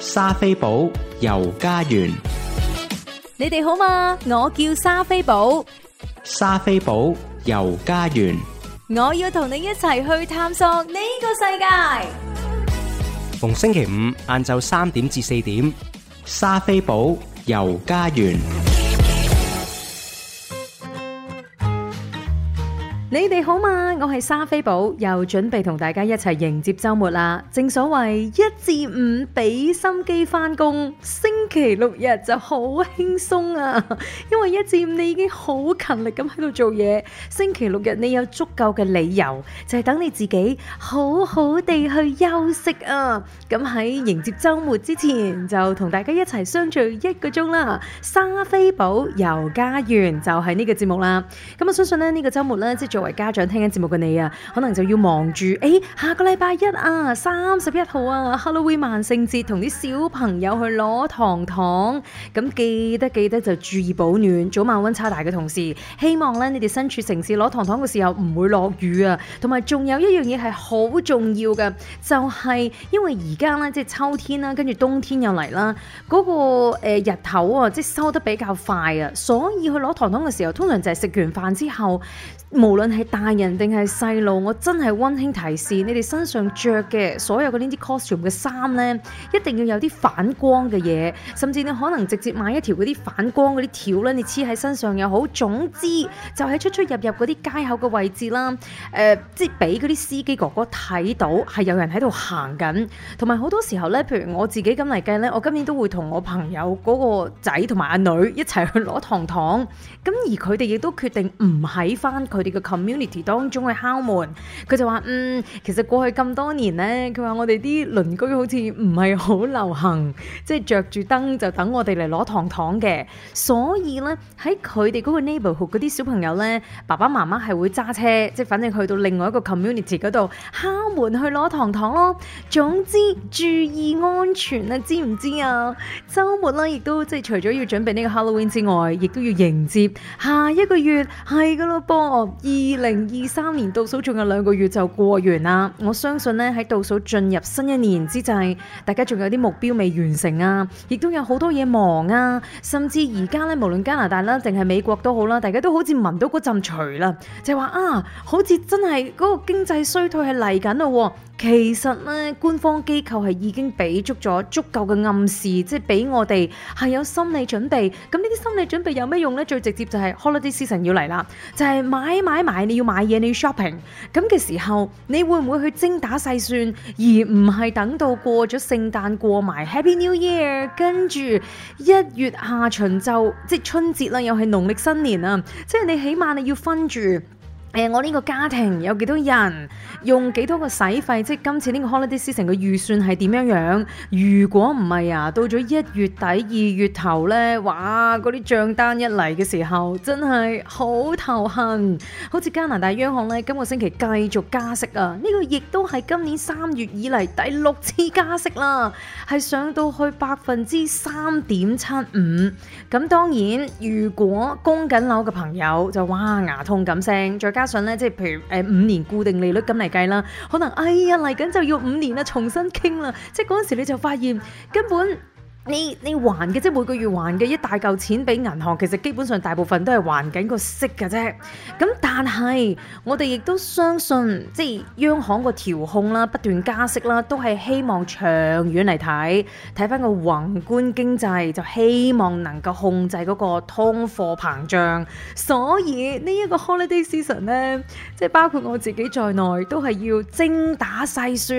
莎菲寶遊加園，你哋好嘛？我叫莎菲寶，莎菲寶遊加園，我要同你一齊去探索呢個世界。逢星期五晏晝三點至四點，莎菲寶遊加園。你哋好嗎？我係莎菲寶，又準備同大家一齊迎接周末啦。正所謂一至五俾心機翻工，星期六日就好輕鬆啊。因為一至五你已經好勤力咁喺度做嘢，星期六日你有足夠嘅理由，就係、是、等你自己好好地去休息啊。咁喺迎接周末之前，就同大家一齊相聚一個鐘啦。莎菲寶遊加園就係呢個節目啦。咁我相信呢，呢、呢個周末呢。即。作為家長聽緊節目嘅你啊，可能就要忙住。誒，下個禮拜一啊，三十一號啊，Halloween 萬聖節，同啲小朋友去攞糖糖。咁記得記得就注意保暖，早晚溫差大嘅同時，希望咧你哋身處城市攞糖糖嘅時候唔會落雨啊。同埋仲有一樣嘢係好重要嘅，就係因為而家咧即係秋天啦，跟住冬天又嚟啦，嗰個誒日頭啊，即係收得比較快啊，所以去攞糖糖嘅時候，通常就係食完飯之後。無論係大人定係細路，我真係溫馨提示你哋身上着嘅所有嘅呢啲 costume 嘅衫呢，一定要有啲反光嘅嘢，甚至你可能直接買一條嗰啲反光嗰啲條呢，你黐喺身上又好。總之就喺出出入入嗰啲街口嘅位置啦，呃，即係俾嗰啲司機哥哥睇到係有人喺度行緊。同埋好多時候呢，譬如我自己咁嚟計呢，我今年都會同我朋友嗰個仔同埋阿女一齊去攞糖糖。咁而佢哋亦都決定唔喺翻。佢哋嘅 community 當中去敲門，佢就話嗯，其實過去咁多年咧，佢話我哋啲鄰居好似唔係好流行，即係着住燈就等我哋嚟攞糖糖嘅。所以咧喺佢哋嗰個 neighborhood 嗰啲小朋友咧，爸爸媽媽係會揸車，即係反正去到另外一個 community 度敲門去攞糖糖咯。總之注意安全啊，知唔知啊？週末啦，亦都即係除咗要準備呢個 Halloween 之外，亦都要迎接下一個月係噶咯噃。二零二三年倒數，仲有兩個月就過完啦，我相信呢，喺倒數進入新一年之際，大家仲有啲目標未完成啊，亦都有好多嘢忙啊，甚至而家呢，無論加拿大啦，定係美國都好啦，大家都好似聞到嗰陣除啦，就係話啊，好似真係嗰個經濟衰退係嚟緊咯。其實呢，官方機構係已經俾足咗足夠嘅暗示，即係俾我哋係有心理準備。咁呢啲心理準備有咩用呢？最直接就係 holiday season 要嚟啦，就係買。你買埋你要買嘢，你要 shopping 咁嘅時候，你會唔會去精打細算，而唔係等到過咗聖誕過埋 Happy New Year，跟住一月下旬就即係春節啦，又係農曆新年啦，即係你起碼你要分住。誒、呃，我呢個家庭有幾多人用幾多個使費？即係今次呢個 Holiday Season 嘅預算係點樣樣？如果唔係啊，到咗一月底二月頭呢，哇！嗰啲帳單一嚟嘅時候，真係好頭痕。好似加拿大央行呢，今個星期繼續加息啊！呢個亦都係今年三月以嚟第六次加息啦，係上到去百分之三點七五。咁當然，如果供緊樓嘅朋友就，哇，牙痛咁聲，再加。即係譬如誒五年固定利率咁嚟計啦，可能哎呀嚟緊就要五年啦，重新傾啦，即係嗰陣時你就發現根本。你你還嘅即係每個月還嘅一大嚿錢俾銀行，其實基本上大部分都係還緊個息㗎啫。咁但係我哋亦都相信，即係央行個調控啦、不斷加息啦，都係希望長遠嚟睇，睇返個宏觀經濟就希望能夠控制嗰個通貨膨脹。所以、這個、呢一個 holiday season 咧，即係包括我自己在內，都係要精打細算、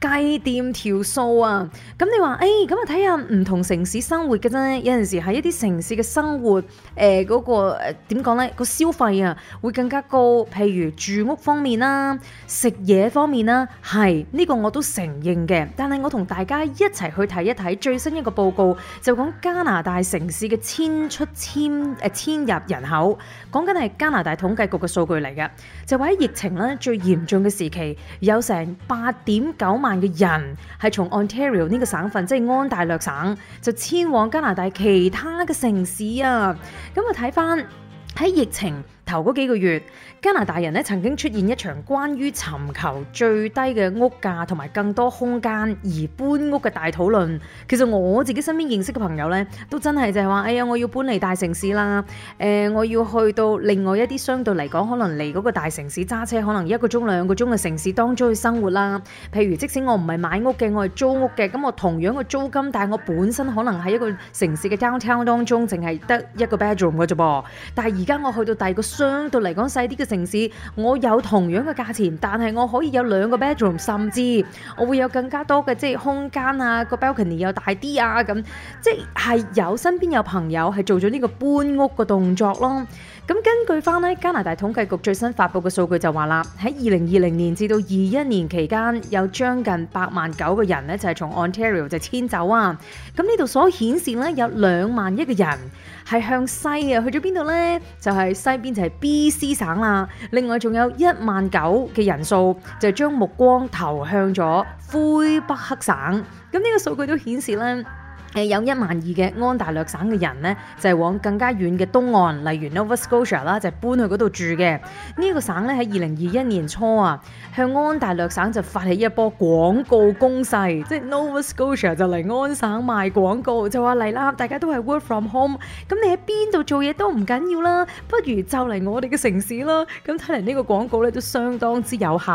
計掂條數啊。咁你話，哎、欸，咁啊睇下。唔同城市生活嘅啫，有陣時喺一啲城市嘅生活，誒、呃嗰個誒，點講咧？呃呢嗰個消費啊，會更加高。譬如住屋方面啦，食嘢方面啦，係呢、這個我都承認嘅。但係我同大家一齊去睇一睇最新一個報告，就講加拿大城市嘅遷出遷、遷誒遷入人口，講緊係加拿大統計局嘅數據嚟嘅。就話喺疫情咧最嚴重嘅時期，有成八點九萬嘅人係從 Ontario 呢個省份，即係安大略省。就遷往加拿大其他嘅城市啊！咁啊睇翻喺疫情頭嗰幾個月，加拿大人咧曾經出現一場關於尋求最低嘅屋價同埋更多空間而搬屋嘅大討論。其實我自己身邊認識嘅朋友咧，都真係就係話，哎呀，我要搬嚟大城市啦，誒、呃，我要去到另外一啲相對嚟講可能離嗰個大城市揸車可能一個鐘兩個鐘嘅城市當中去生活啦。譬如即使我唔係買屋嘅，我係租屋嘅，咁我同樣嘅租金，但係我本身可能喺一個城市嘅 downtown 當中，淨係得一個 bedroom 嘅啫噃。但係而家我去到第二個。相對嚟講細啲嘅城市，我有同樣嘅價錢，但係我可以有兩個 bedroom，甚至我會有更加多嘅即係空間啊，個 balcony 又大啲啊，咁即係有身邊有朋友係做咗呢個搬屋嘅動作咯。咁根據翻咧加拿大統計局最新發布嘅數據就話啦，喺二零二零年至到二一年期間，有將近八萬九個人咧就係從 Ontario 就遷走啊。咁呢度所顯示咧有兩萬一個人係向西啊。去咗邊度呢？就係、是、西邊就係 B C 省啦。另外仲有一萬九嘅人數就將目光投向咗魁北克省。咁、這、呢個數據都顯示咧。誒有一萬二嘅安大略省嘅人呢，就係往更加遠嘅東岸，例如 Nova Scotia 啦，就搬去嗰度住嘅。呢個省咧喺二零二一年初啊，向安大略省就發起一波廣告攻勢，即係 Nova Scotia 就嚟安省賣廣告，就話嚟啦，大家都係 work from home，咁你喺邊度做嘢都唔緊要啦，不如就嚟我哋嘅城市啦。咁睇嚟呢個廣告咧都相當之有效。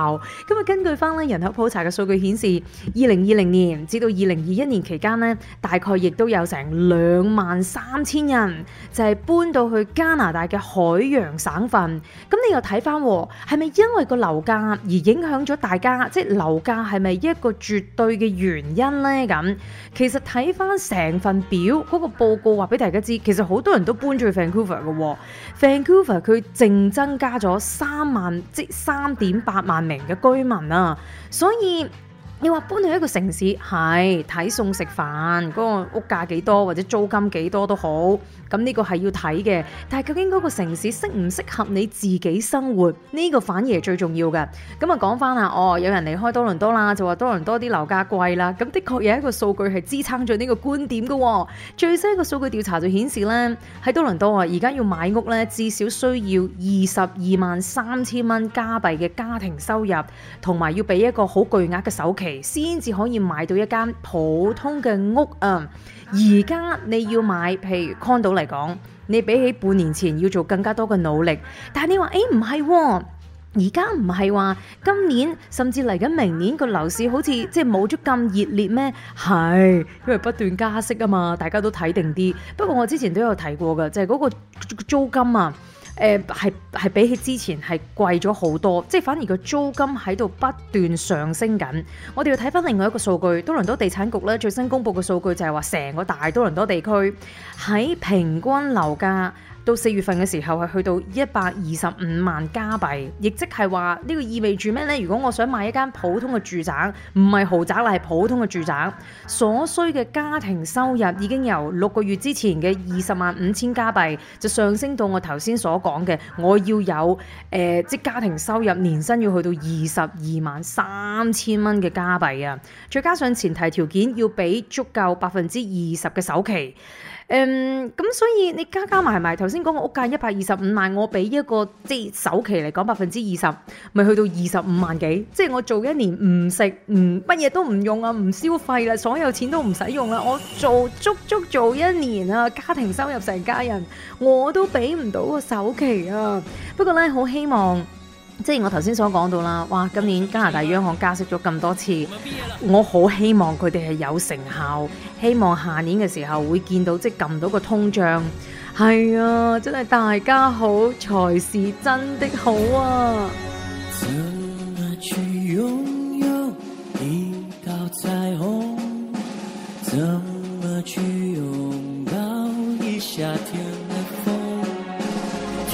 咁啊，根據翻咧人口普查嘅數據顯示，二零二零年至到二零二一年期間呢，大概。佢亦都有成兩萬三千人，就係、是、搬到去加拿大嘅海洋省份。咁你又睇翻，係咪因為個樓價而影響咗大家？即係樓價係咪一個絕對嘅原因呢？咁其實睇翻成份表，嗰、那個報告話俾大家知，其實好多人都搬住去 Vancouver 噶。Vancouver 佢淨增加咗三萬即三點八萬名嘅居民啊，所以。你話搬去一個城市係睇餸食飯，嗰個屋價幾多或者租金幾多都好。咁呢個係要睇嘅，但係究竟嗰個城市適唔適合你自己生活？呢個反而係最重要嘅。咁啊，講翻啊，哦，有人離開多倫多啦，就話多倫多啲樓價貴啦。咁的確有一個數據係支撐咗呢個觀點嘅哦。最新一個數據調查就顯示呢喺多倫多啊，而家要買屋呢，至少需要二十二萬三千蚊加幣嘅家庭收入，同埋要俾一個好巨額嘅首期，先至可以買到一間普通嘅屋啊。而家你要買，譬如 condo 嚟講，你比起半年前要做更加多嘅努力。但你話，誒唔係，而家唔係話今年，甚至嚟緊明年個樓市好似即係冇咗咁熱烈咩？係因為不斷加息啊嘛，大家都睇定啲。不過我之前都有提過嘅，就係嗰個租金啊。誒，係，係比起之前係貴咗好多，即係反而個租金喺度不斷上升緊。我哋要睇返另外一個數據，多倫多地產局咧，最新公布嘅數據就係話，成個大多倫多地區喺平均樓價，到四月份嘅時候係去到一百二十五萬加幣，亦即係話呢個意味住咩呢？如果我想買一間普通嘅住宅，唔係豪宅啦，係普通嘅住宅，所需嘅家庭收入已經由六個月之前嘅二十萬五千加幣，就上升到我頭先所講嘅，我要有、呃、即家庭收入年薪要去到二十二萬三千蚊嘅加幣啊！再加上前提條件要畀足夠百分之二十嘅首期。嗯，咁所以你加加埋埋，頭先講個屋價一百二十五萬，我俾一個即首期嚟講百分之二十，咪去到二十五萬幾？即我做一年唔食唔乜嘢都唔用啊，唔消費啦，所有錢都唔使用啦，我做足足做一年啊，家庭收入成家人我都俾唔到個首期啊！不過呢，好希望。即係我頭先所講到啦，哇！今年加拿大央行加息咗咁多次，我好希望佢哋係有成效，希望下年嘅時候會見到即係撳到個通脹。係啊，真係大家好，才是真的好啊！怎麼去擁有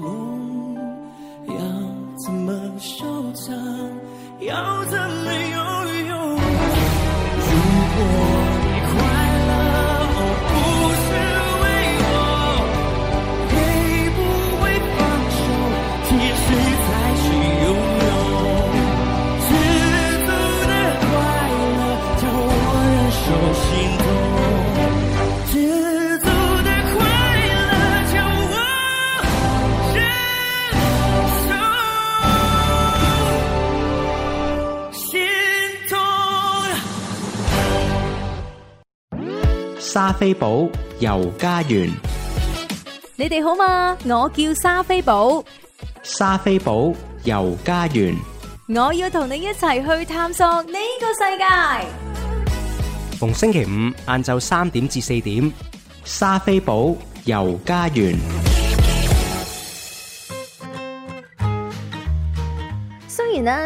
夢要怎麼收藏？要怎麼擁有？如果。莎菲寶遊加園，你哋好嘛？我叫莎菲寶，莎菲寶遊加園，我要同你一齊去探索呢個世界。逢星期五晏晝三點至四點，莎菲寶遊加園。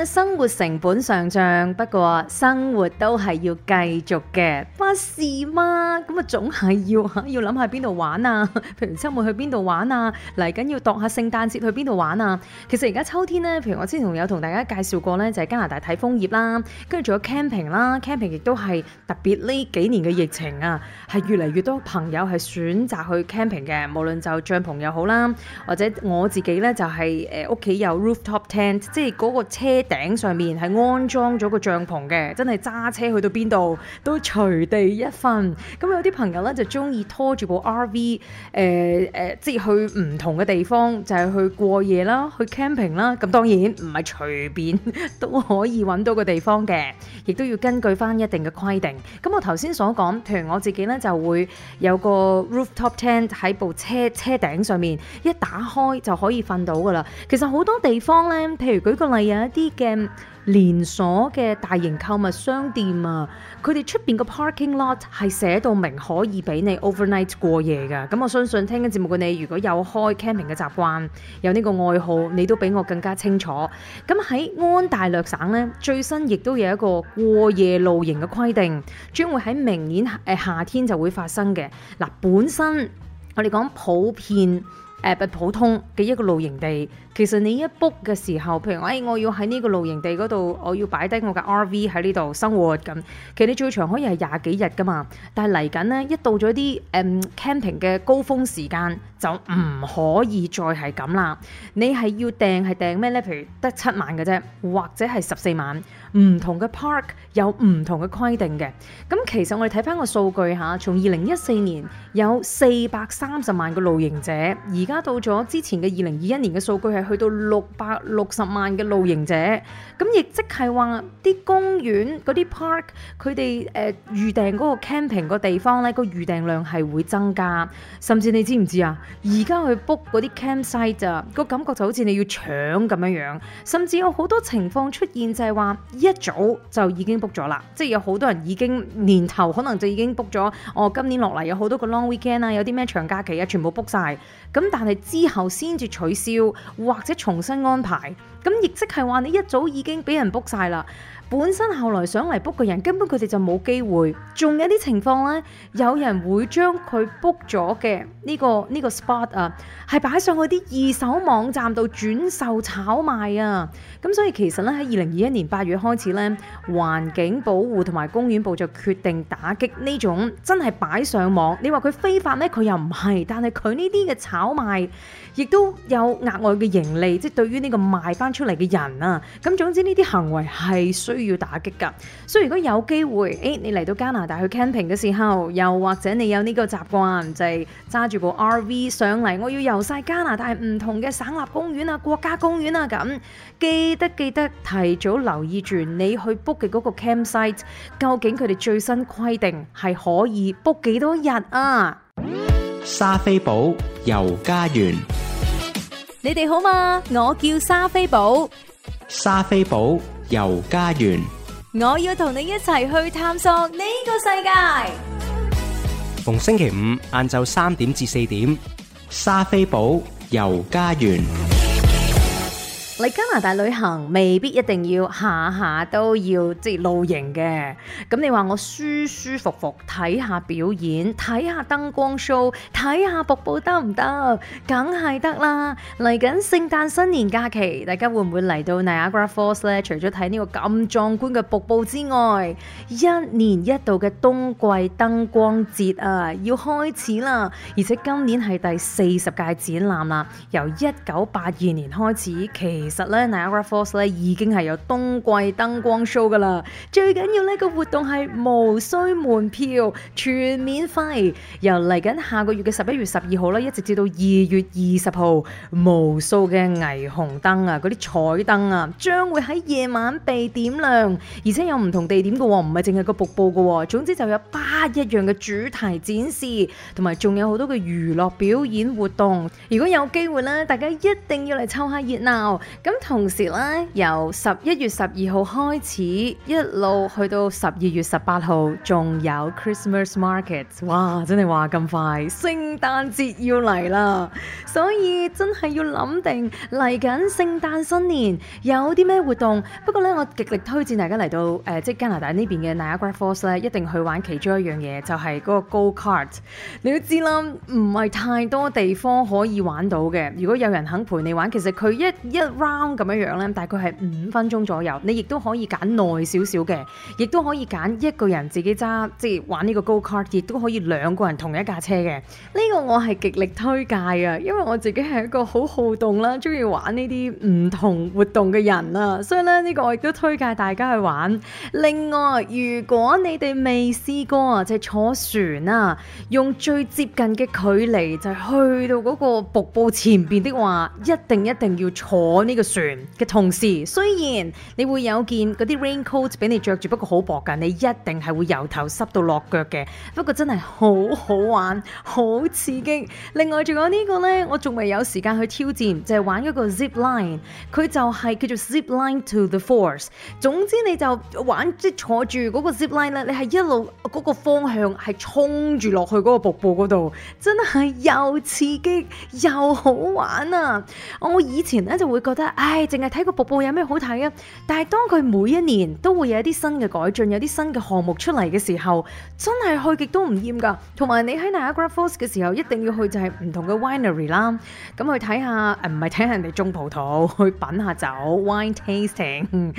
生活成本上漲，不過生活都係要繼續嘅，不是嗎？咁啊，總係要要諗下邊度玩啊，譬如週末去邊度玩啊，嚟緊要度下聖誕節去邊度玩啊？其實而家秋天呢，譬如我之前有同大家介紹過呢，就係加拿大睇楓葉啦，跟住仲有 camping 啦，camping 亦都係特別呢幾年嘅疫情啊，係越嚟越多朋友係選擇去 camping 嘅，無論就帳篷又好啦，或者我自己呢，就係誒屋企有 rooftop tent，即係嗰個車車頂上面係安裝咗個帳篷嘅，真係揸車去到邊度都隨地一瞓。咁有啲朋友咧就中意拖住部 RV，誒、呃、誒、呃，即係去唔同嘅地方，就係、是、去過夜啦，去 camping 啦。咁當然唔係隨便都可以揾到個地方嘅，亦都要根據翻一定嘅規定。咁我頭先所講，譬如我自己咧就會有個 rooftop tent 喺部車車頂上面，一打開就可以瞓到噶啦。其實好多地方咧，譬如舉個例啊，一啲啲嘅連鎖嘅大型購物商店啊，佢哋出面個 parking lot 係寫到明可以俾你 overnight 過夜㗎。咁我相信聽緊節目嘅你，如果有開 camping 嘅習慣，有呢個愛好，你都比我更加清楚。咁喺安大略省呢，最新亦都有一個過夜露營嘅規定，將會喺明年誒夏天就會發生嘅。嗱，本身我哋講普遍。誒普通嘅一個露營地，其實你一 book 嘅時候，譬如、哎、我要喺呢個露營地嗰度，我要擺低我嘅 RV 喺呢度生活咁，其實你最長可以係廿幾日㗎嘛。但係嚟緊呢，一到咗啲誒 camping 嘅高峰時間，就唔可以再係咁啦。你係要訂係訂咩呢？譬如得七晚嘅啫，或者係十四晚。唔同嘅 park 有唔同嘅規定嘅，咁其實我哋睇翻個數據吓，從二零一四年有四百三十萬個露營者，而家到咗之前嘅二零二一年嘅數據係去到六百六十萬嘅露營者，咁亦即係話啲公園嗰啲 park 佢哋誒預訂嗰個 camping 個地方呢個預訂量係會增加，甚至你知唔知啊？而家去 book 嗰啲 campsite 啊，個感覺就好似你要搶咁樣樣，甚至有好多情況出現就係話。一早就已經 book 咗喇，即係有好多人已經年頭可能就已經 book 咗，哦，今年落嚟有好多個 long weekend 呀，有啲咩長假期呀，全部 book 晒。咁但係之後先至取消或者重新安排，咁亦即係話你一早已經畀人 book 晒喇。本身後來想嚟 book 嘅人，根本佢哋就冇機會。仲有啲情況呢，有人會將佢 book 咗嘅呢個呢個 spot 啊，係擺上去啲二手網站度轉售炒賣啊。咁所以其實咧，喺二零二一年八月開始呢，環境保護同埋公園部就決定打擊呢種真係擺上網。你話佢非法呢，佢又唔係，但係佢呢啲嘅炒賣。亦都有額外嘅盈利，即係對於呢個賣翻出嚟嘅人啊，咁總之呢啲行為係需要打擊㗎。所以如果有機會，哎，你嚟到加拿大去 camping 嘅時候，又或者你有呢個習慣，就係揸住部 RV 上嚟，我要遊晒加拿大唔同嘅省立公園啊、國家公園啊咁，記得記得提早留意住你去 book 嘅嗰個 campsite，究竟佢哋最新規定係可以 book 幾多日啊？嗯莎菲寶遊加園，你哋好嘛？我叫莎菲寶，莎菲寶遊加園，我要同你一齊去探索呢個世界。逢星期五晏晝三點至四點，莎菲寶遊加園。嚟加拿大旅行未必一定要下下都要即露營嘅，咁你話我舒舒服服睇下表演，睇下燈光 show，睇下瀑布得唔得？梗係得啦！嚟緊聖誕新年假期，大家會唔會嚟到 Niagara Falls 咧？除咗睇呢個咁壯觀嘅瀑布之外，一年一度嘅冬季燈光節啊，要開始啦！而且今年係第四十屆展覽啦，由一九八二年開始，其其實咧，Niagara Falls 咧已經係有冬季燈光 show 噶啦。最緊要呢個活動係無需門票，全免費。由嚟緊下個月嘅十一月十二號啦，一直至到二月二十號，無數嘅霓虹燈啊，嗰啲彩燈啊，將會喺夜晚被點亮，而且有唔同地點噶喎，唔係淨係個瀑布噶喎。總之就有不一樣嘅主題展示，同埋仲有好多嘅娛樂表演活動。如果有機會咧，大家一定要嚟湊下熱鬧。咁同時咧，由十一月十二號開始，一路去到十二月十八號，仲有 Christmas Markets，哇！真係話咁快，聖誕節要嚟啦，所以真係要諗定嚟緊聖誕新年有啲咩活動。不過咧，我極力推薦大家嚟到、呃、即係加拿大呢邊嘅 Niagara Falls 咧，一定去玩其中一樣嘢，就係、是、嗰個 Go Kart，你都知啦，唔係太多地方可以玩到嘅。如果有人肯陪你玩，其實佢一一咁樣樣咧，大概係五分鐘左右。你亦都可以揀耐少少嘅，亦都可以揀一個人自己揸，即係玩呢個 go kart，亦都可以兩個人同一架車嘅。呢個我係極力推介啊，因為我自己係一個好好動啦，中意玩呢啲唔同活動嘅人啊，所以咧呢個我亦都推介大家去玩。另外，如果你哋未試過啊，即係坐船啊，用最接近嘅距離就係去到嗰個瀑布前邊的話，一定一定要坐呢。呢個船嘅同時，雖然你會有件啲 raincoat 俾你着住，不過好薄噶，你一定係會由頭濕到落腳嘅。不過真係好好玩，好刺激。另外仲有呢個咧，我仲未有時間去挑戰，就係玩一個 zip line，佢就係叫做 zip line to the Falls。總之你就玩即係坐住個 zip line 咧，你係一路嗰個方向係衝住落去個瀑布度，真係又刺激又好玩啊！我以前咧就會覺得。唉，淨係睇個瀑布有咩好睇啊！但係當佢每一年都會有一啲新嘅改進，有啲新嘅項目出嚟嘅時候，真係去極都唔厭㗎。同埋你喺 Niagara Falls 嘅時候，一定要去就係唔同嘅 winery 啦，咁去睇下，唔係睇下人哋種葡萄，去品下酒 （wine tasting），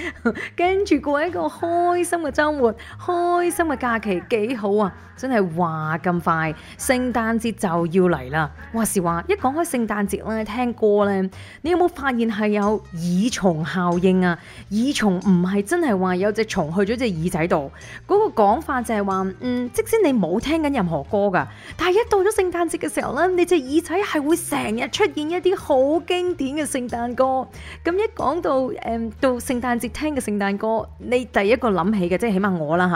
跟住過一個開心嘅週末，開心嘅假期幾好啊！真係話咁快，聖誕節就要嚟啦。話時話一講開聖誕節咧，聽歌咧，你有冇發現係？有耳蟲效應啊！耳蟲唔係真係話有隻蟲去咗隻耳仔度，嗰個講法就係話，嗯，即使你冇聽緊任何歌噶，但係一到咗聖誕節嘅時候咧，你隻耳仔係會成日出現一啲好經典嘅聖誕歌。咁一講到誒、到聖誕節聽嘅聖誕歌，你第一個諗起嘅，即係起碼我啦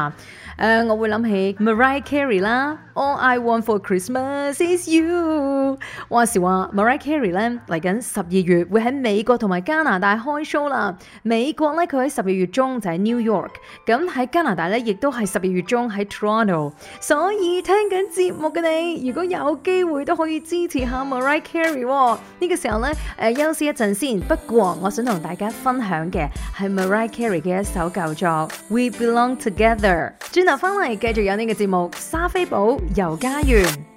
嚇，誒，我會諗起 Mariah Carey 啦，All I Want for Christmas is You。話時話 Mariah Carey 咧，嚟緊十二月會喺美國同，同埋加拿大開 show 啦，美國咧佢喺十二月中就喺 New York，咁喺加拿大咧亦都係十二月中喺 Toronto，所以聽緊節目嘅你，如果有機會都可以支持下 Mariah Carey，哦。呢，這個時候咧，誒、呃，休息一陣先。不過我想同大家分享嘅係 Mariah Carey 嘅一首舊作《We Belong Together》。轉頭翻嚟繼續有呢個節目，莎菲寶遊加園。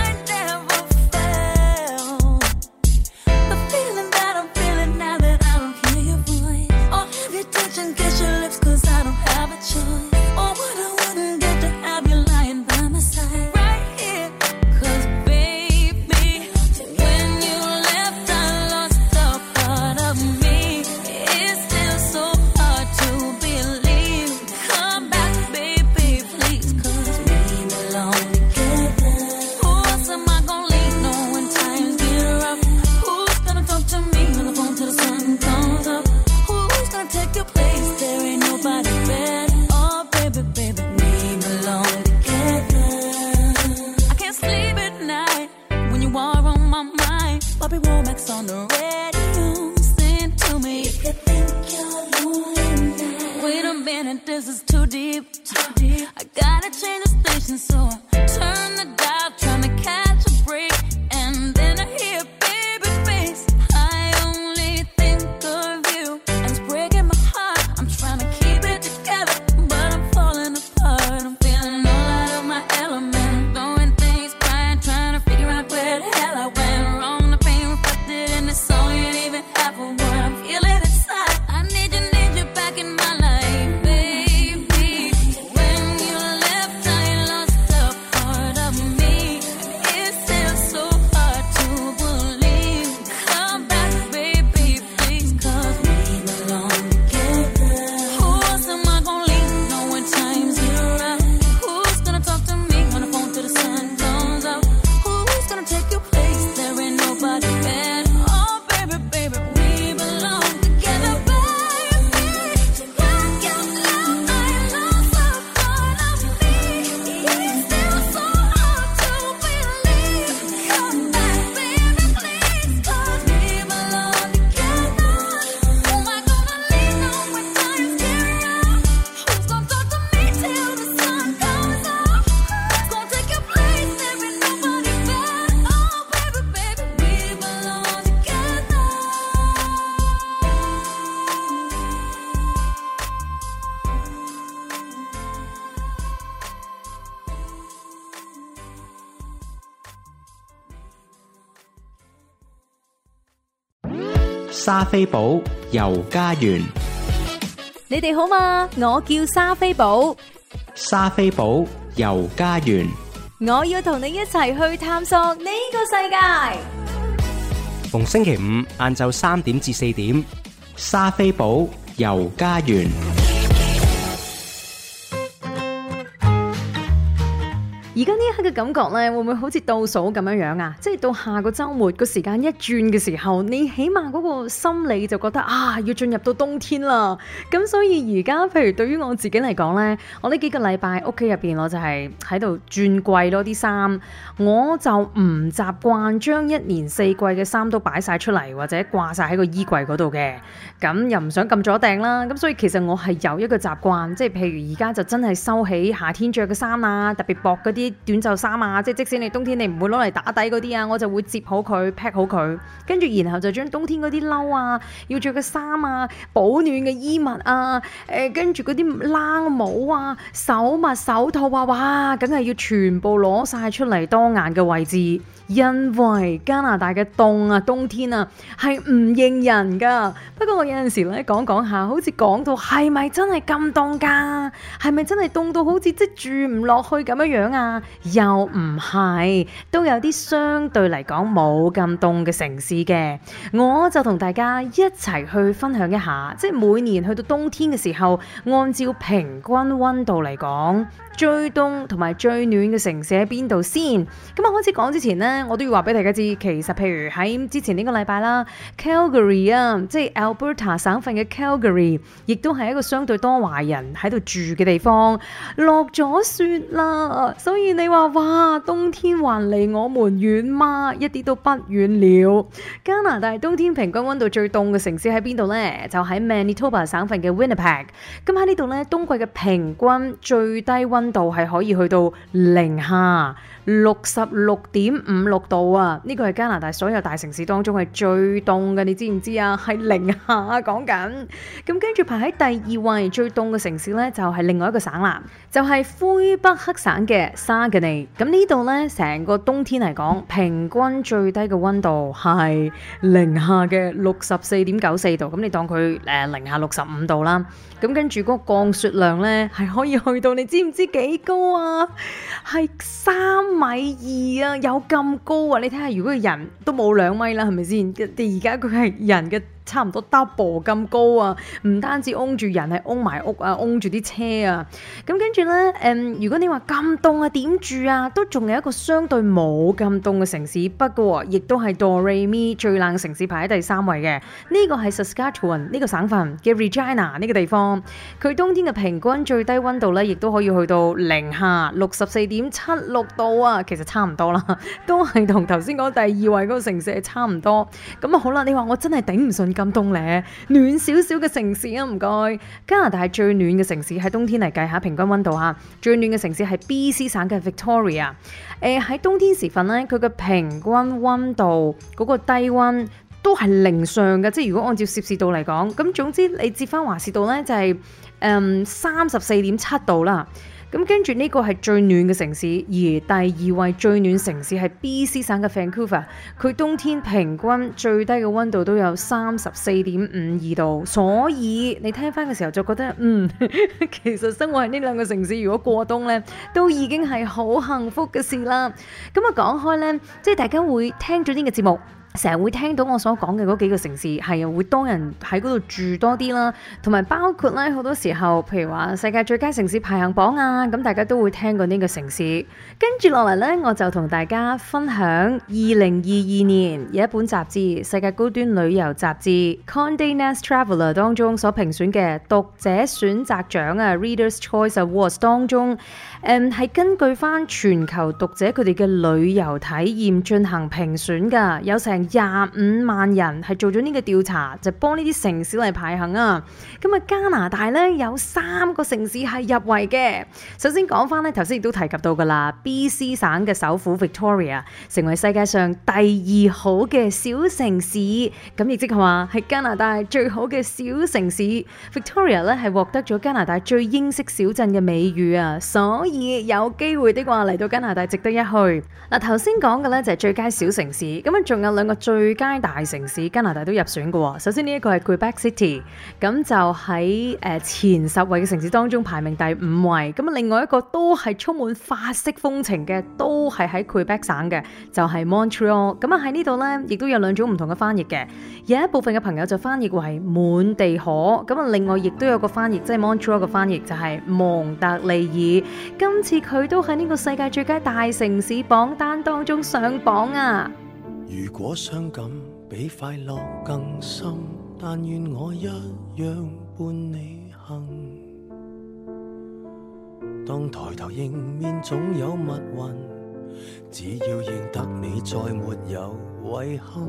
莎菲寶遊加園，你哋好嘛？我叫莎菲寶。莎菲寶遊加園，我要同你一齊去探索呢個世界。逢星期五晏晝三點至四點，莎菲寶遊加園。而家呢一刻嘅感覺呢，會唔會好似倒數咁樣樣啊？即係到下個週末個時間一轉嘅時候，你起碼嗰個心理就覺得啊，要進入到冬天啦。咁所以而家譬如對於我自己嚟講呢，我呢幾個禮拜屋企入邊我就係喺度轉季多啲衫。我就唔習慣將一年四季嘅衫都擺晒出嚟或者掛晒喺個衣櫃嗰度嘅。咁又唔想撳咗頂啦。咁所以其實我係有一個習慣，即係譬如而家就真係收起夏天着嘅衫啊，特別薄嗰啲。啲短袖衫啊，即係即使你冬天你唔會攞嚟打底嗰啲啊，我就會摺好佢 pack 好佢，跟住然後就將冬天嗰啲褸啊，要着嘅衫啊，保暖嘅衣物啊，誒、呃，跟住嗰啲冷帽啊、手襪、手套啊，哇，梗係要全部攞晒出嚟，當眼嘅位置。因為加拿大嘅凍啊，冬天啊係唔認人㗎。不過我有陣時咧講講下，好似講到係咪真係咁凍㗎？係咪真係凍到好似即住唔落去咁樣樣啊？又唔係，都有啲相對嚟講冇咁凍嘅城市嘅。我就同大家一齊去分享一下，即每年去到冬天嘅時候，按照平均溫度嚟講。最凍同埋最暖嘅城市喺邊度先？咁啊開始講之前呢，我都要話俾大家知，其實譬如喺之前呢個禮拜啦，Calgary 啊，即係 Alberta 省份嘅 Calgary，亦都係一個相對多華人喺度住嘅地方，落咗雪啦，所以你話哇，冬天還離我們遠嗎？一啲都不遠了。加拿大冬天平均溫度最凍嘅城市喺邊度呢？就喺 Manitoba 省份嘅 Winnipeg。咁喺呢度呢，冬季嘅平均最低溫。溫度係可以去到零下，六十六點五六度啊！呢個係加拿大所有大城市當中係最凍嘅，你知唔知啊？係零下啊講緊。咁跟住排喺第二位最凍嘅城市咧，就係另外一個省啦，就係魁北克省嘅沙格尼。咁呢度咧，成個冬天嚟講，平均最低嘅溫度係零下嘅六十四點九四度。咁你當佢誒零下六十五度啦。咁跟住嗰個降雪量咧，係可以去到你知唔知幾高啊？係三。米二啊，有咁高啊！你睇下，如果人都冇兩米啦，係咪先？而家佢係人嘅。差唔多 double 咁高啊！唔單止擁住人係擁埋屋啊，擁住啲車啊。咁跟住咧，誒，如果你話咁凍啊，點住啊，都仲有一個相對冇咁凍嘅城市。不過，亦都係 Dorayme 最冷城市排喺第三位嘅。呢個係 Saskatchewan 呢個省份嘅 Regina 呢個地方。佢冬天嘅平均最低溫度咧，亦都可以去到零下六十四點七六度啊。其實差唔多啦，都係同頭先講第二位嗰個城市係差唔多。咁啊，好啦，你話我真係頂唔順。咁凍咧，暖少少嘅城市啊，唔該。加拿大係最暖嘅城市喺冬天嚟計吓，平均溫度吓，最暖嘅城市係 BC 省嘅 Victoria。誒，喺冬天時分咧，佢嘅平均溫度嗰個低溫都係零上嘅，即係如果按照攝氏度嚟講，咁總之你折翻華氏度咧就係誒三十四點七度啦。咁跟住呢個係最暖嘅城市，而第二位最暖城市係 B.C 省嘅 Vancouver，佢冬天平均最低嘅溫度都有三十四點五二度，所以你聽翻嘅時候就覺得，嗯，其實生活喺呢兩個城市如果過冬呢，都已經係好幸福嘅事啦。咁啊講開呢，即係大家會聽咗呢個節目。成日會聽到我所講嘅嗰幾個城市係啊，會多人喺嗰度住多啲啦，同埋包括咧好多時候，譬如話世界最佳城市排行榜啊，咁大家都會聽過呢個城市。跟住落嚟咧，我就同大家分享二零二二年有一本雜誌《世界高端旅遊雜誌 Condé Nast Traveler》當中所評選嘅讀者選擇獎啊 （Readers' Choice Awards） 當中，誒、啊、係、啊啊、根據翻全球讀者佢哋嘅旅遊體驗進行評選噶，有成廿五萬人係做咗呢個調查，就幫呢啲城市嚟排行啊！咁啊加拿大咧有三個城市係入圍嘅。首先講翻咧，頭先亦都提及到噶啦，B.C 省嘅首府 Victoria 成為世界上第二好嘅小城市，咁亦即係話係加拿大最好嘅小城市。Victoria 咧係獲得咗加拿大最英式小鎮嘅美譽啊，所以有機會的話嚟到加拿大值得一去。嗱，頭先講嘅咧就係最佳小城市，咁啊仲有兩個。最佳大城市加拿大都入選嘅，首先呢一個係 Quebec City，咁就喺誒前十位嘅城市當中排名第五位。咁另外一個都係充滿法式風情嘅，都係喺 Quebec 省嘅，就係 Montreal。咁啊喺呢度呢，亦都有兩種唔同嘅翻譯嘅，有一部分嘅朋友就翻譯為滿地可，咁啊，另外亦都有一個翻譯，即係 Montreal 嘅翻譯就係蒙特利爾。今次佢都喺呢個世界最佳大城市榜單當中上榜啊！如果傷感比快樂更深，但願我一樣伴你行。當抬頭迎面總有密雲，只要認得你再，再沒有遺憾。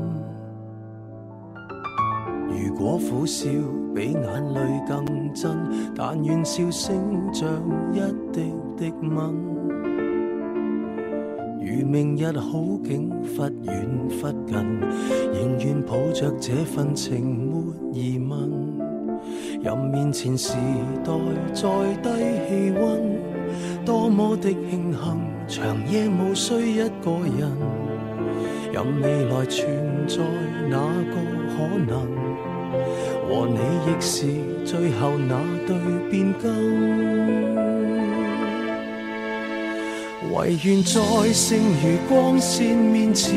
如果苦笑比眼淚更真，但願笑聲像一滴的吻。如明日好景忽遠忽近，仍願抱着這份情沒疑問。任面前時代再低氣溫，多麼的慶幸，長夜無需一個人。任未來存在哪個可能，和你亦是最後那對變更。唯願在剩餘光線面前，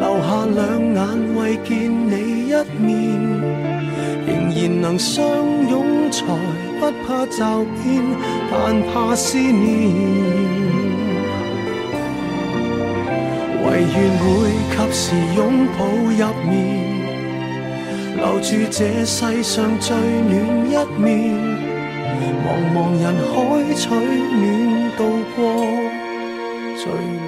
留下兩眼為見你一面，仍然能相擁才不怕驟變，但怕思念。唯願會及時擁抱入眠，留住這世上最暖一面，茫茫人海取暖。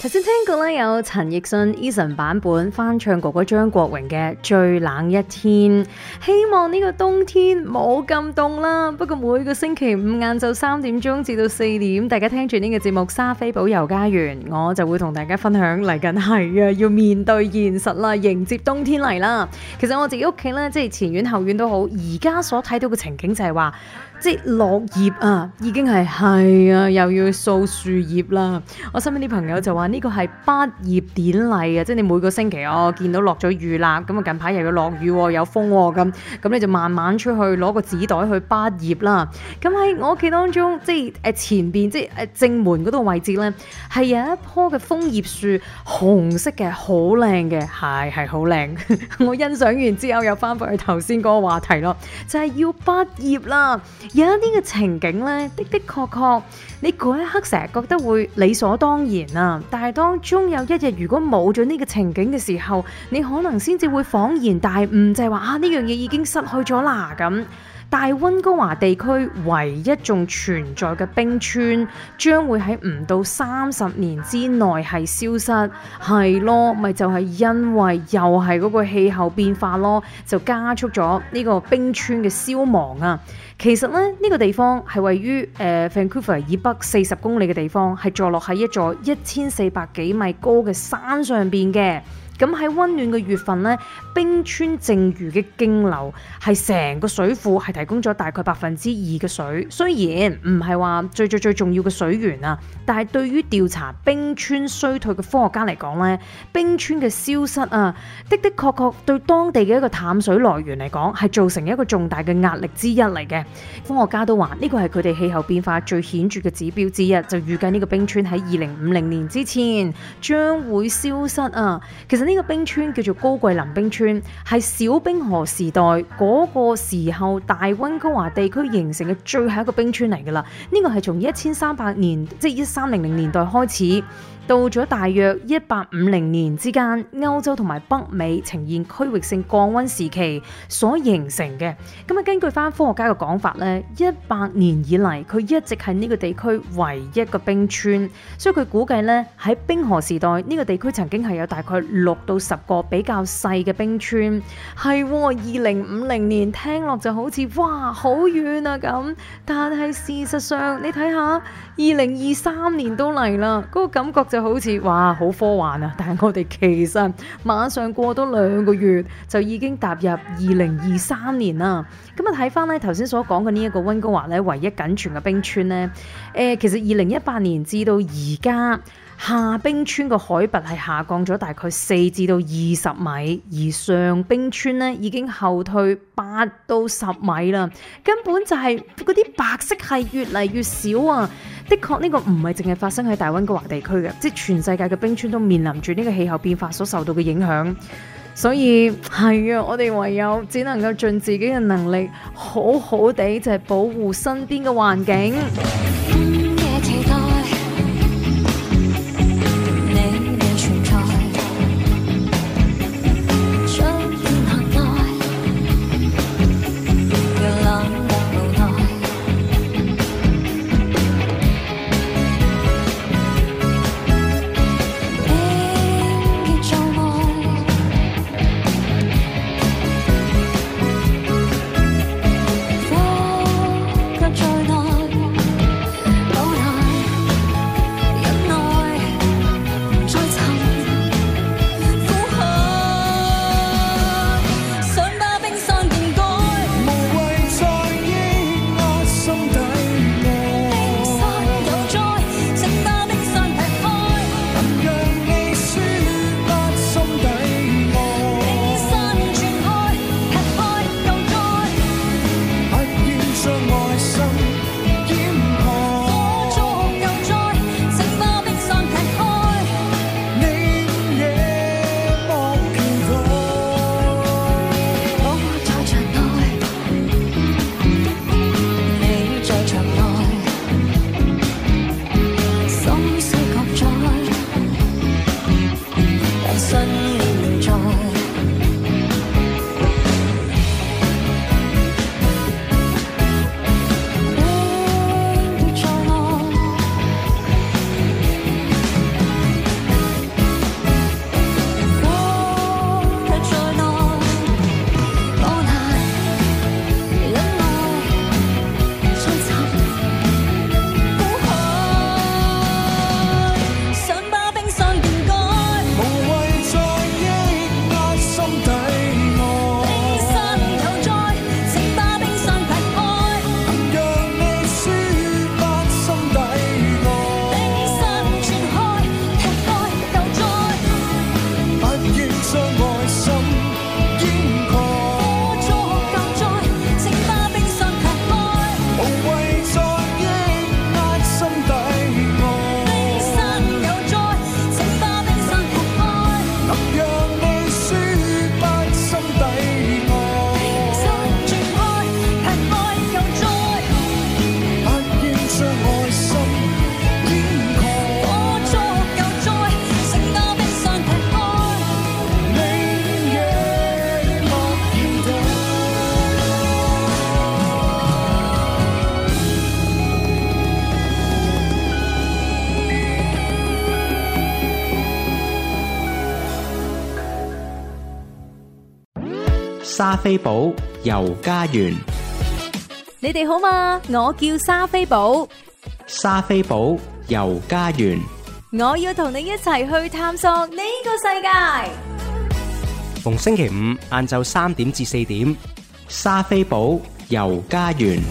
頭先聽過咧，有陳奕迅 Eason 版本翻唱哥哥張國榮嘅《最冷一天》，希望呢個冬天冇咁凍啦。不過每個星期五晏晝三點鐘至到四點，大家聽住呢個節目《莎菲寶遊加園》，我就會同大家分享嚟緊係啊，要面對現實啦，迎接冬天嚟啦。其實我自己屋企咧，即係前院後院都好，而家所睇到嘅情景就係話。即係落葉啊，已經係係啊，又要掃樹葉啦。我身邊啲朋友就話呢個係畢業典禮啊！即係你每個星期哦，見到落咗雨啦，咁啊近排又要落雨喎，有風喎咁，咁你就慢慢出去攞個紙袋去畢業啦。咁喺我屋企當中，即係誒前邊，即係誒正門嗰度位置咧，係有一棵嘅楓葉樹，紅色嘅，好靚嘅，係係好靚。漂亮 我欣賞完之後，又翻返去頭先嗰個話題咯，就係、是、要畢業啦。有一啲嘅情景呢，的的確確你嗰一刻成日覺得會理所當然啊，但係當終有一日如果冇咗呢個情景嘅時候，你可能先至會恍然大悟，就係話啊呢樣嘢已經失去咗啦咁。大溫哥華地區唯一仲存在嘅冰川，將會喺唔到三十年之內係消失，係咯，咪就係因為又係嗰個氣候變化咯，就加速咗呢個冰川嘅消亡啊！其實咧，呢個地方係位於、呃、Vancouver 以北四十公里嘅地方，係坐落喺一座一千四百幾米高嘅山上邊嘅。咁喺溫暖嘅月份咧，冰川剩餘嘅徑流係成個水庫係提供咗大概百分之二嘅水。雖然唔係話最最最重要嘅水源啊，但係對於調查冰川衰退嘅科學家嚟講咧，冰川嘅消失啊，的的確確對當地嘅一個淡水來源嚟講，係造成一個重大嘅壓力之一嚟嘅。科學家都話呢個係佢哋氣候變化最顯著嘅指標之一，就預計呢個冰川喺二零五零年之前將會消失啊。其實。呢、這個冰川叫做高桂林冰川，係小冰河時代嗰、那個時候大溫哥華地區形成嘅最後一個冰川嚟噶啦。呢、這個係從一千三百年，即係一三零零年代開始。到咗大約一八五零年之間，歐洲同埋北美呈現區域性降溫時期所形成嘅。咁啊，根據返科學家嘅講法咧，一百年以嚟佢一直係呢個地區唯一個冰川，所以佢估計咧喺冰河時代呢個地區曾經係有大概六到十個比較細嘅冰川。係二零五零年，聽落就好似哇好遠啊咁，但係事實上你睇下。二零二三年都嚟啦，嗰、那個感覺就好似哇好科幻啊！但係我哋其實馬上過多兩個月就已經踏入二零二三年啦。咁啊睇翻咧頭先所講嘅呢一個溫哥華咧唯一僅存嘅冰川咧，誒、呃、其實二零一八年至到而家。下冰川個海拔係下降咗大概四至到二十米，而上冰川呢已經後退八到十米啦。根本就係嗰啲白色係越嚟越少啊！的確呢個唔係淨係發生喺大温哥華地區嘅，即係全世界嘅冰川都面臨住呢個氣候變化所受到嘅影響。所以係啊，我哋唯有只能夠盡自己嘅能力，好好地就係保護身邊嘅環境。莎菲寶遊加園，你哋好嘛？我叫莎菲寶，莎菲寶遊加園，我要同你一齊去探索呢個世界。逢星期五晏晝三點至四點，莎菲寶遊加園。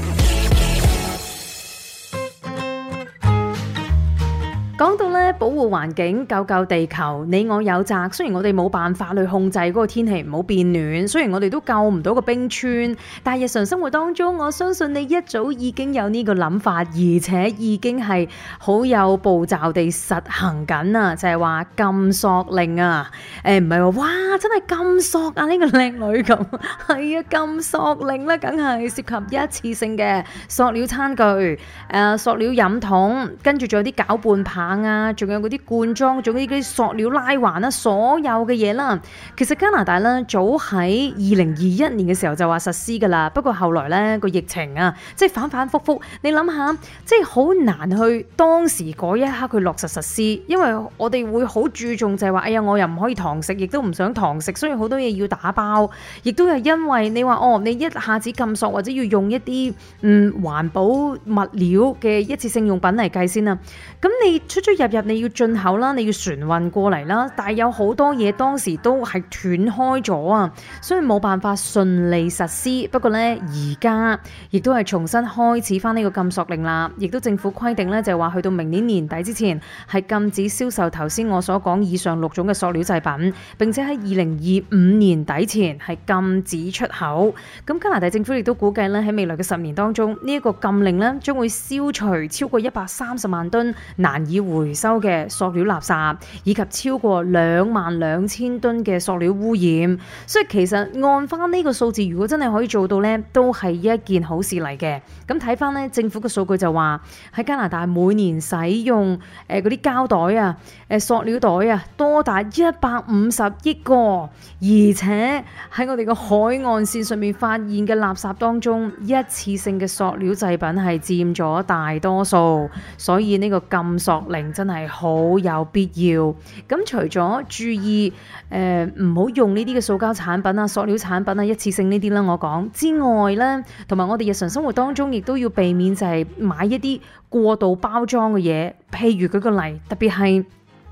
保護環境救救地球，你我有責。雖然我哋冇辦法去控制嗰個天氣唔好變暖，雖然我哋都救唔到個冰川，但係日常生活當中，我相信你一早已經有呢個諗法，而且已經係好有步驟地實行緊啊！就係話禁塑令啊，誒，唔係話哇真係咁索啊呢，這個靚女咁，係 啊禁塑令啦，梗係涉及一次性嘅塑料餐具、誒、呃、塑料飲桶，跟住仲有啲攪拌棒啊，嘅嗰啲罐裝，仲有啲啲塑料拉環啦，所有嘅嘢啦，其實加拿大咧早喺二零二一年嘅時候就話實施㗎喇，不過後來咧個疫情啊，即係反反复覆，你諗下，即係好難去當時嗰一刻去落實實施，因為我哋會好注重就係話，哎呀，我又唔可以堂食，亦都唔想堂食，所以好多嘢要打包，亦都係因為你話哦，你一下子禁塑，或者要用一啲嗯環保物料嘅一次性用品嚟計先啦，咁你出出入入你。你要進口啦，你要船運過嚟啦，但係有好多嘢當時都係斷開咗啊，所以冇辦法順利實施。不過呢，而家亦都係重新開始翻呢個禁塑令啦，亦都政府規定呢，就係話，去到明年年底之前係禁止銷售頭先我所講以上六種嘅塑料製品，並且喺二零二五年底前係禁止出口。咁加拿大政府亦都估計呢，喺未來嘅十年當中，呢一個禁令呢將會消除超過一百三十萬噸難以回收嘅。嘅塑料垃圾，以及超過兩萬兩千噸嘅塑料污染，所以其實按翻呢個數字，如果真係可以做到咧，都係一件好事嚟嘅。咁睇翻咧，政府嘅數據就話喺加拿大每年使用誒嗰啲膠袋啊、誒塑料袋啊，多達一百五十億個。而且喺我哋嘅海岸線上面發現嘅垃圾當中，一次性嘅塑料製品係佔咗大多數。所以呢個禁塑令真係。好有必要咁，除咗注意誒唔好用呢啲嘅塑膠產品啊、塑料產品啊、一次性呢啲啦，我講之外咧，同埋我哋日常生活當中亦都要避免就係買一啲過度包裝嘅嘢，譬如舉個例，特別係。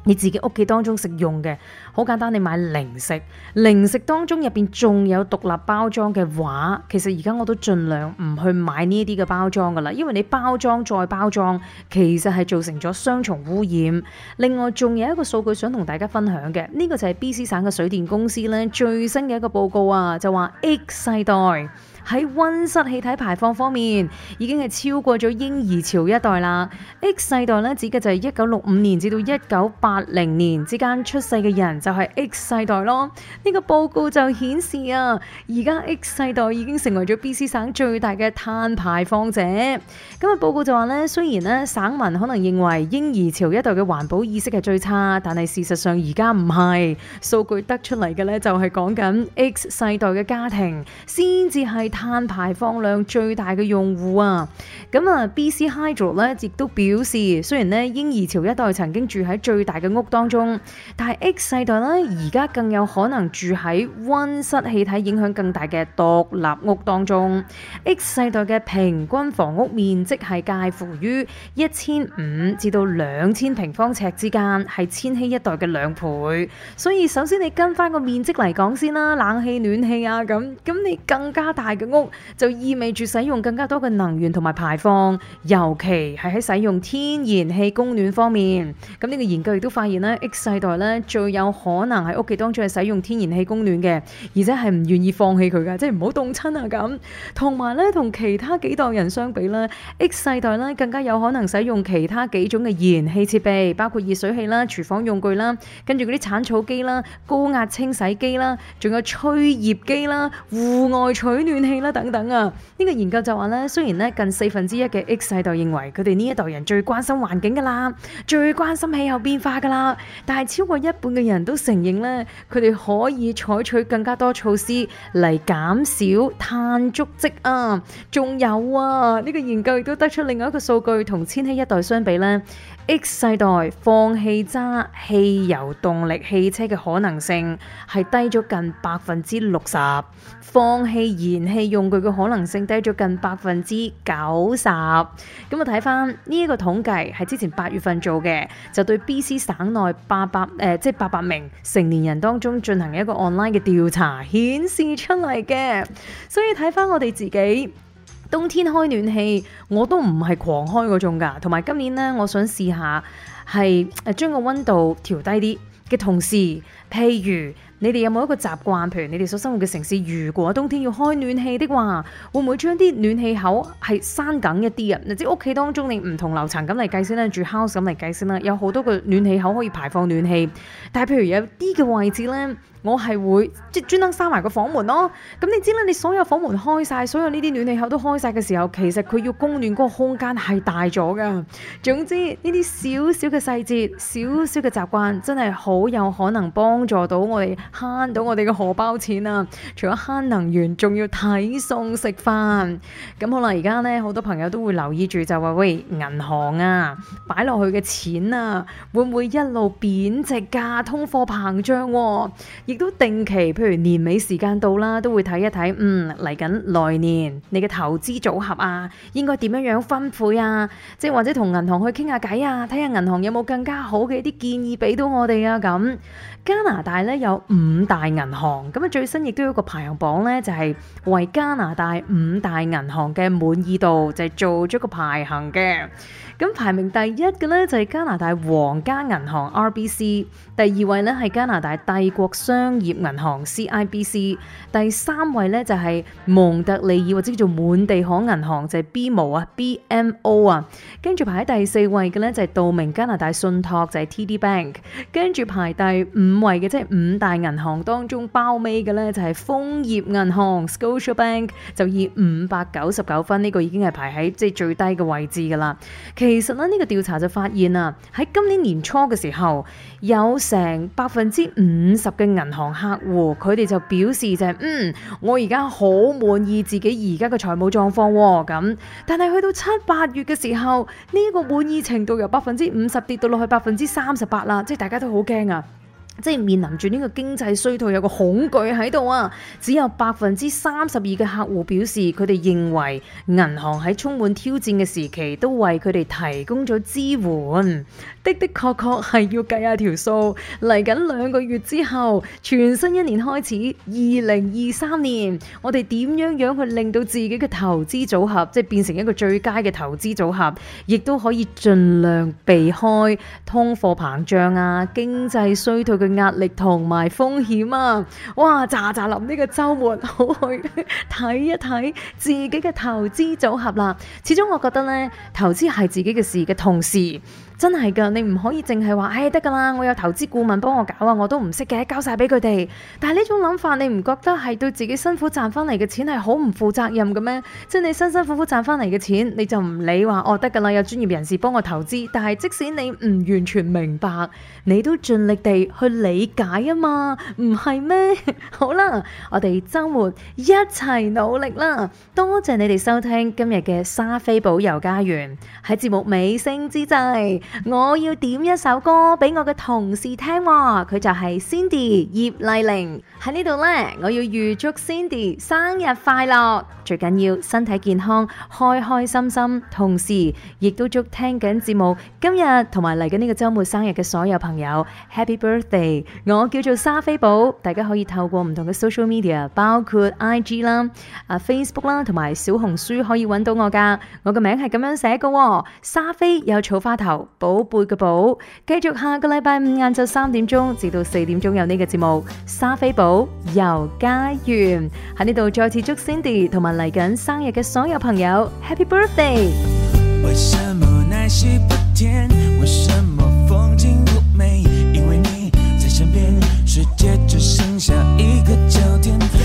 你自己屋企當中食用嘅，好簡單，你買零食，零食當中入面仲有獨立包裝嘅話，其實而家我都盡量唔去買呢啲嘅包裝噶啦，因為你包裝再包裝，其實係造成咗雙重污染。另外，仲有一個數據想同大家分享嘅，呢個就係 BC 省嘅水電公司咧最新嘅一個報告啊，就話 X 世代。喺溫室氣體排放方面，已經係超過咗嬰兒潮一代啦。X 世代咧指嘅就係一九六五年至到一九八零年之間出世嘅人，就係 X 世代咯。呢個報告就顯示啊，而家 X 世代已經成為咗 BC 省最大嘅碳排放者。咁啊，報告就話咧，雖然咧省民可能認為嬰兒潮一代嘅環保意識係最差，但係事實上而家唔係，數據得出嚟嘅咧就係講緊 X 世代嘅家庭先至係。碳排放量最大嘅用戶啊，咁啊，BC Hydro 咧亦都表示，雖然咧嬰兒潮一代曾經住喺最大嘅屋當中，但係 X 世代咧而家更有可能住喺溫室氣體影響更大嘅獨立屋當中。X 世代嘅平均房屋面積係介乎於一千五至到兩千平方尺之間，係千禧一代嘅兩倍。所以首先你跟翻個面積嚟講先啦，啊，冷氣、暖氣啊咁，咁你更加大嘅。屋就意味住使用更加多嘅能源同埋排放，尤其係喺使用天然氣供暖方面。咁呢個研究亦都發現咧，X 世代咧最有可能喺屋企當中係使用天然氣供暖嘅，而且係唔願意放棄佢嘅，即係唔好凍親啊咁。同埋咧，同其他幾代人相比啦，X 世代咧更加有可能使用其他幾種嘅燃氣設備，包括熱水器啦、廚房用具啦、跟住嗰啲鏟草機啦、高壓清洗機啦、仲有吹葉機啦、戶外取暖器。啦，等等啊！呢個研究就話咧，雖然咧近四分之一嘅 X 世代認為佢哋呢一代人最關心環境噶啦，最關心氣候變化噶啦，但係超過一半嘅人都承認咧，佢哋可以採取更加多措施嚟減少碳足跡啊！仲有啊，呢個研究亦都得出另外一個數據，同千禧一代相比咧。X 世代放棄揸汽油動力汽車嘅可能性係低咗近百分之六十，放棄燃氣用具嘅可能性低咗近百分之九十。咁我睇翻呢一個統計係之前八月份做嘅，就對 BC 省內八百誒，即係八百名成年人當中進行一個 online 嘅調查顯示出嚟嘅，所以睇翻我哋自己。冬天開暖氣，我都唔係狂開嗰種噶。同埋今年呢，我想試下係誒將個溫度調低啲嘅同時，譬如你哋有冇一個習慣？譬如你哋所生活嘅城市，如果冬天要開暖氣的話，會唔會將啲暖氣口係閂緊一啲啊？嗱，即屋企當中你唔同樓層咁嚟計先啦，住 house 咁嚟計先啦，有好多個暖氣口可以排放暖氣，但係譬如有啲嘅位置呢。我係會即係專登閂埋個房門咯。咁你知啦，你所有房門開晒，所有呢啲暖氣口都開晒嘅時候，其實佢要供暖嗰個空間係大咗噶。總之呢啲小小嘅細節、小小嘅習慣，真係好有可能幫助到我哋慳到我哋嘅荷包錢啊！除咗慳能源，仲要睇餸食飯。咁可能而家呢，好多朋友都會留意住就話：喂，銀行啊，擺落去嘅錢啊，會唔會一路貶值㗎啊？通貨膨脹啊？而亦都定期，譬如年尾時間到啦，都會睇一睇，嗯，嚟緊來年你嘅投資組合啊，應該點樣樣分配啊？即係或者同銀行去傾下偈啊，睇下銀行有冇更加好嘅一啲建議俾到我哋啊？咁。加拿大咧有五大銀行，咁啊最新亦都有個排行榜咧，就係為加拿大五大銀行嘅滿意度就係做咗個排行嘅。咁排名第一嘅咧就係加拿大皇家銀行 RBC，第二位咧係加拿大帝國商業銀行 CIBC，第三位咧就係蒙特利爾或者叫做滿地可銀行就係 BMO 啊 BMO 啊，跟住排喺第四位嘅咧就係道明加拿大信託就係 TD Bank，跟住排第五。五位嘅，即係五大銀行當中包尾嘅咧，就係豐業銀行 （Scotia Bank），就以五百九十九分呢、這個已經係排喺即係最低嘅位置噶啦。其實咧呢、這個調查就發現啊，喺今年年初嘅時候，有成百分之五十嘅銀行客戶佢哋就表示就係、是、嗯，我而家好滿意自己而家嘅財務狀況咁，但係去到七八月嘅時候，呢、這個滿意程度由百分之五十跌到落去百分之三十八啦，即係大家都好驚啊。即係面臨住呢個經濟衰退，有個恐懼喺度啊。只有百分之三十二嘅客戶表示，佢哋認為銀行喺充滿挑戰嘅時期都為佢哋提供咗支援。的的確確係要計下條數，嚟緊兩個月之後，全新一年開始，二零二三年，我哋點樣樣去令到自己嘅投資組合，即係變成一個最佳嘅投資組合，亦都可以盡量避開通貨膨脹啊、經濟衰退嘅壓力同埋風險啊！哇，咋咋諗呢個周末好去睇一睇自己嘅投資組合啦。始終我覺得呢投資係自己嘅事嘅同時。真係噶，你唔可以淨係話，哎得噶啦，我有投資顧問幫我搞啊，我都唔識嘅，交晒俾佢哋。但係呢種諗法，你唔覺得係對自己辛苦賺翻嚟嘅錢係好唔負責任嘅咩？即係你辛辛苦苦賺翻嚟嘅錢，你就唔理話，哦得噶啦，有專業人士幫我投資。但係即使你唔完全明白，你都盡力地去理解啊嘛，唔係咩？ 好啦，我哋周末一齊努力啦！多謝你哋收聽今日嘅莎菲寶遊加園，喺節目尾聲之際。我要點一首歌俾我嘅同事聽，哦，佢就係 Cindy 葉 麗玲喺呢度咧。我要預祝 Cindy 生日快樂，最緊要身體健康，開開心心。同時亦都祝聽緊節目今日同埋嚟緊呢個周末生日嘅所有朋友 Happy Birthday！我叫做莎菲寶，大家可以透過唔同嘅 social media，包括 IG 啦、啊、Facebook, 啊 Facebook 啦同埋小紅書可以揾到我噶。我嘅名係咁樣寫嘅，哦，莎菲有草花頭。寶貝嘅寶，繼續下個禮拜五晏晝三點鐘至到四點鐘有呢個節目《莎菲寶遊加園》，喺呢度再次祝 Cindy 同埋嚟緊生日嘅所有朋友 Happy Birthday。